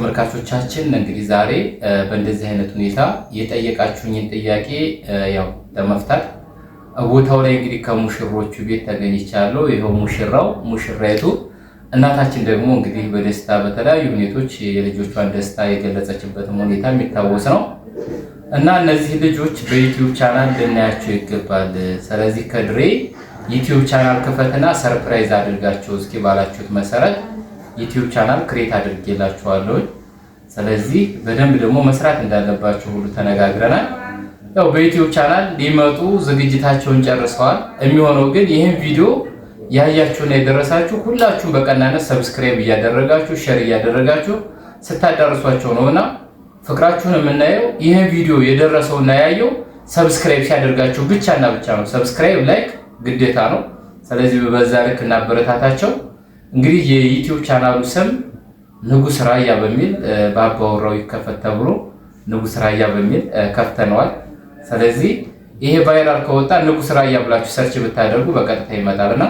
ተመልካቾቻችን እንግዲህ ዛሬ በእንደዚህ አይነት ሁኔታ የጠየቃችሁኝን ጥያቄ ያው ለመፍታት ቦታው ላይ እንግዲህ ከሙሽሮቹ ቤት ተገኝቻለሁ። ይኸው ሙሽራው ሙሽራይቱ እናታችን ደግሞ እንግዲህ በደስታ በተለያዩ ሁኔቶች የልጆቿን ደስታ የገለጸችበትም ሁኔታ የሚታወስ ነው እና እነዚህ ልጆች በዩቲዩብ ቻናል ልናያቸው ይገባል። ስለዚህ ከድሬ ዩቲዩብ ቻናል ክፈትና ሰርፕራይዝ አድርጋቸው እስኪ ባላችሁት መሰረት ዩቲዩብ ቻናል ክሬት አድርጌላችኋለሁ። ስለዚህ በደንብ ደግሞ መስራት እንዳለባቸው ሁሉ ተነጋግረናል። ያው በዩቲዩብ ቻናል ሊመጡ ዝግጅታቸውን ጨርሰዋል። የሚሆነው ግን ይህን ቪዲዮ ያያችሁና የደረሳችሁ ሁላችሁም በቀናነት ሰብስክራይብ እያደረጋችሁ ሼር እያደረጋችሁ ስታዳርሷቸው እና ፍቅራችሁን የምናየው ይህን ቪዲዮ የደረሰውና ያየው ሰብስክራይብ ሲያደርጋችሁ ብቻና ብቻ ነው። ሰብስክራይብ ላይክ ግዴታ ነው። ስለዚህ በዛ ልክ እናበረታታቸው። እንግዲህ የዩቲዩብ ቻናሉ ስም ንጉስ ራያ በሚል በአባወራው ይከፈት ተብሎ ንጉስ ራያ በሚል ከፍተነዋል። ስለዚህ ይሄ ቫይራል ከወጣ ንጉስ ራያ ብላችሁ ሰርች ብታደርጉ በቀጥታ ይመጣልና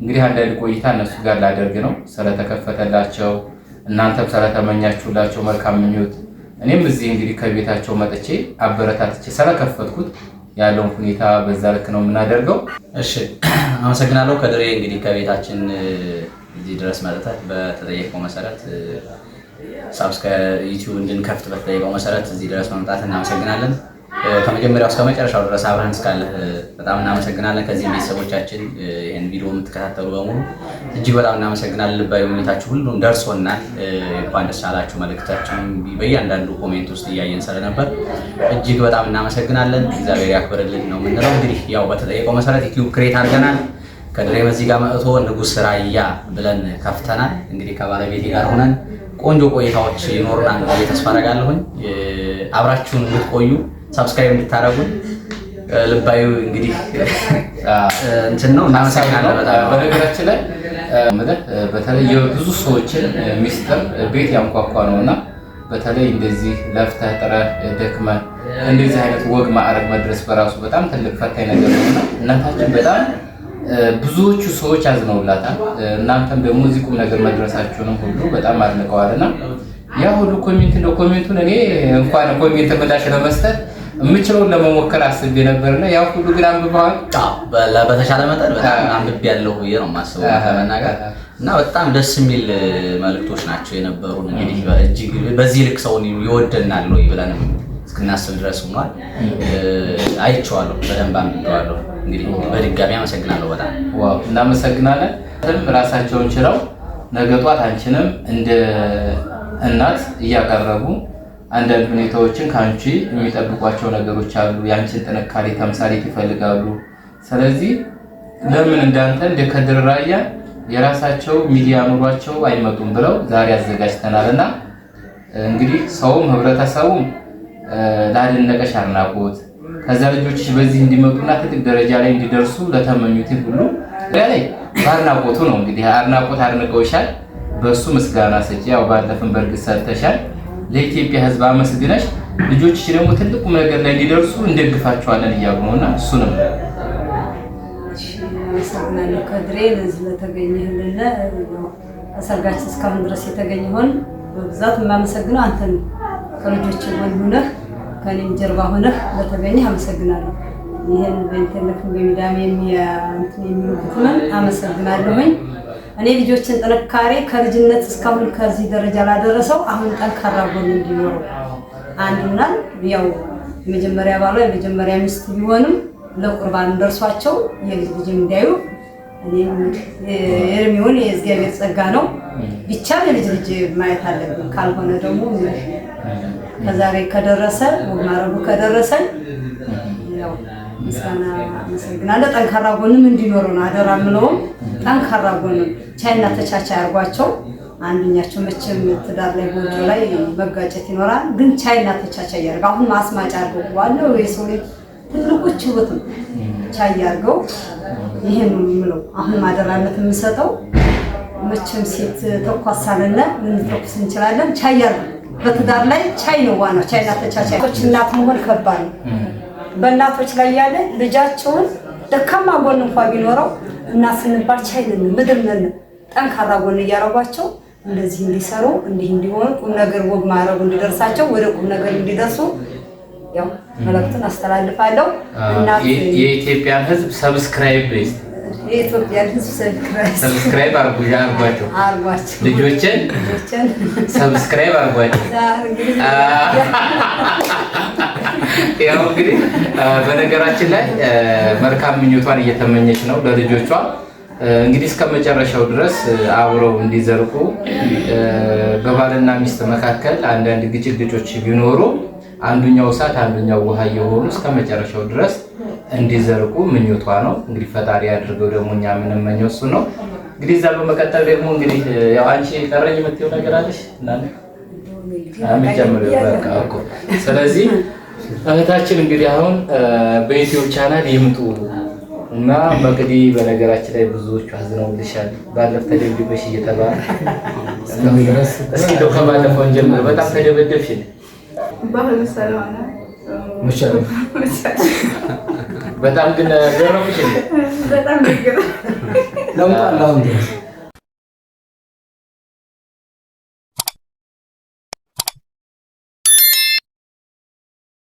እንግዲህ አንዳንድ ቆይታ እነሱ ጋር ላደርግ ነው ስለተከፈተላቸው እናንተም ስለተመኛችሁላቸው መልካም ምኞት እኔም እዚህ እንግዲህ ከቤታቸው መጥቼ አበረታትቼ ስለከፈትኩት ያለውን ሁኔታ በዛ ልክ ነው የምናደርገው። እሺ አመሰግናለሁ ከድሬ እንግዲህ ከቤታችን እዚህ ድረስ መጥተህ በተጠየቀው መሰረት ሳብስከ እንድንከፍት በተጠየቀው መሰረት እዚህ ድረስ መምጣት እናመሰግናለን። ከመጀመሪያው እስከ መጨረሻው ድረስ አብረን እስካለህ በጣም እናመሰግናለን። ከዚህም ቤተሰቦቻችን ይህን ቪዲዮ የምትከታተሉ በሙሉ እጅግ በጣም እናመሰግናለን። ልባዊ ሁኔታችሁ ሁሉም ደርሶናል። እንኳን ደስ አላችሁ። መልእክታችን በእያንዳንዱ ኮሜንት ውስጥ እያየን ስለነበር እጅግ በጣም እናመሰግናለን። እግዚአብሔር ያክብርልን ነው የምንለው። እንግዲህ ያው በተጠየቀው መሰረት ዩቲዩብ ክሬት አድርገናል። ከድሬ በዚህ ጋር መጥቶ ንጉስ ራያ ብለን ከፍተናል። እንግዲህ ከባለቤቴ ጋር ሆነን ቆንጆ ቆይታዎች ይኖሩናል ተስፋ አደርጋለሁኝ አብራችሁን እንድትቆዩ ሰብስክራይብ እንድታደርጉን ልባዩ እንግዲህ እንትን ነው። በነገራችን ላይ በተለይ የብዙ ሰዎችን ሚስጥር ቤት ያንኳኳ ነው እና በተለይ እንደዚህ ለፍተህ ጥረህ ደክመህ እንደዚህ አይነት ወግ ማዕረግ መድረስ በራሱ በጣም ትልቅ ፈታኝ ነገር እና እናታችን በጣም ብዙዎቹ ሰዎች አዝነውላታል። እናንተም ደግሞ እዚህ ቁም ነገር መድረሳችሁንም ሁሉ በጣም እና ያ ሁሉ ኮሜንት እንደው ኮሜንቱን እኔ እንኳን ኮሜንት ምላሽ ለመስጠት የምችለውን ለመሞከር አስቤ ነበርና ያው ሁሉ ግን አንብበዋል። በተሻለ መጠን በጣም አንብቤ ያለው ብዬ ነው የማስበው ለመናገር እና በጣም ደስ የሚል መልእክቶች ናቸው የነበሩን። እንግዲህ እጅግ በዚህ ልክ ሰውን ይወደናል ወይ ብለንም እስክናስብ ድረስ ሆኗል። አይቼዋለሁ፣ በደንብ አንብቤዋለሁ። እንግዲህ በድጋሚ አመሰግናለሁ። በጣም ዋው፣ እናመሰግናለን። ራሳቸውን ችለው ነገ ጧት አንቺንም እንደ እናት እያቀረቡ አንዳንድ ሁኔታዎችን ከአንቺ የሚጠብቋቸው ነገሮች አሉ። የአንቺን ጥንካሬ ተምሳሌት ይፈልጋሉ። ስለዚህ ለምን እንዳንተ እንደ ከድር ራያ የራሳቸው ሚዲያ ኑሯቸው አይመጡም ብለው ዛሬ አዘጋጅተናል እና እንግዲህ ሰውም ህብረተሰቡም ላደነቀሽ አድናቆት ከዛ ልጆች በዚህ እንዲመጡና ትልቅ ደረጃ ላይ እንዲደርሱ ለተመኙት ሁሉ ላይ በአድናቆቱ ነው እንግዲህ አድናቆት አድንቀውሻል። በእሱ ምስጋና ሰጪ ያው ባለፍን በእርግጥ ሰጥተሻል። ለኢትዮጵያ ህዝብ አመስግነሽ ልጆችሽ ደግሞ ትልቁ ነገር ላይ እንዲደርሱ እንደግፋቸዋለን እያሉ ነው እና ነው አመሰግናለሁ። ከድሬ ለዚህ ለተገኘህልን ሰርጋችን እስካሁን ድረስ የተገኘሆን በብዛት የማመሰግነው አንተን ከልጆች ሁነህ ከኔም ጀርባ ሆነህ ለተገኘህ አመሰግናለሁ። ይህን በኢንተርኔት የሚሉትምን አመሰግናለሁኝ። እኔ ልጆችን ጥንካሬ ከልጅነት እስካሁን ከዚህ ደረጃ ላደረሰው አሁን ጠንካራ ጎን እንዲኖሩ አንዱና ያው የመጀመሪያ ባሏ የመጀመሪያ ሚስት ቢሆንም ለቁርባን ደርሷቸው የልጅ ልጅ እንዲያዩ እድሜውን የእግዚአብሔር ጸጋ ነው። ብቻ የልጅ ልጅ ማየት አለብን። ካልሆነ ደግሞ ከዛሬ ከደረሰ ማረጉ ከደረሰን ያው ምስጋና አመሰግናለሁ። ጠንካራ ጎንም እንዲኖሩ ነው አደራ ምለውም ጠንካራ ጎንም ቻይና ያርጓቸው። አንደኛቸው መቼም ትዳር ላይ ጎጆ ላይ መጋጨት ይኖራል፣ ግን ቻይና አሁን ማስማጫ አርገው ዋለው የሰው ልጅ ትልቁ ችሎት ነው። ቻይ ያርገው። አሁን ማደራነት የምሰጠው መቼም ሴት ተኳሳለለ ልንተኩስ እንችላለን። ቻይ ያርገው። በትዳር ላይ ቻይ ነው ዋናው። ቻይና እናት መሆን ከባድ ነው። በእናቶች ላይ ያለ ልጃቸውን ደካማ ጎን እንኳ ቢኖረው እና ስንባል ምድር ነን ጠንካራ ጎን እያረጓቸው እንደዚህ እንዲሰሩ እንዲህ እንዲሆኑ ቁም ነገር ወግ ማድረጉ እንዲደርሳቸው ወደ ቁም ነገር እንዲደርሱ ያው መልዕክቱን አስተላልፋለሁ። የኢትዮጵያን ሕዝብ ሰብስክራይብ የኢትዮጵያን ሕዝብ ሰብስክራይብ አርጓቸው፣ ልጆችን ሰብስክራይብ አርጓቸው። ያው እንግዲህ በነገራችን ላይ መልካም ምኞቷን እየተመኘች ነው ለልጆቿ እንግዲህ እስከ መጨረሻው ድረስ አብረው እንዲዘርቁ በባልና ሚስት መካከል አንዳንድ ግጭት ግጮች ቢኖሩ አንዱኛው እሳት አንዱኛው ውሃ እየሆኑ እስከ መጨረሻው ድረስ እንዲዘልቁ ምኞቷ ነው። እንግዲህ ፈጣሪ አድርገው ደግሞ እኛ የምንመኘው እሱ ነው። እንግዲህ እዛ በመቀጠል ደግሞ እንግዲህ ያው አንቺ ቀረኝ የምትይው ነገር አለሽ የሚጀምረው በቃ እኮ ስለዚህ እህታችን እንግዲህ አሁን በኢትዮ ቻናል ይምጡ እና መቅዲ በነገራችን ላይ ብዙዎቹ አዝነውልሻል። ባለፈ ተደብድበሽ እየተባለ እስኪ እንደው ከባለፈው እንጀምር። በጣም ተደበደብሽ ባህሉ በጣም ግን ገረምሽ። በጣም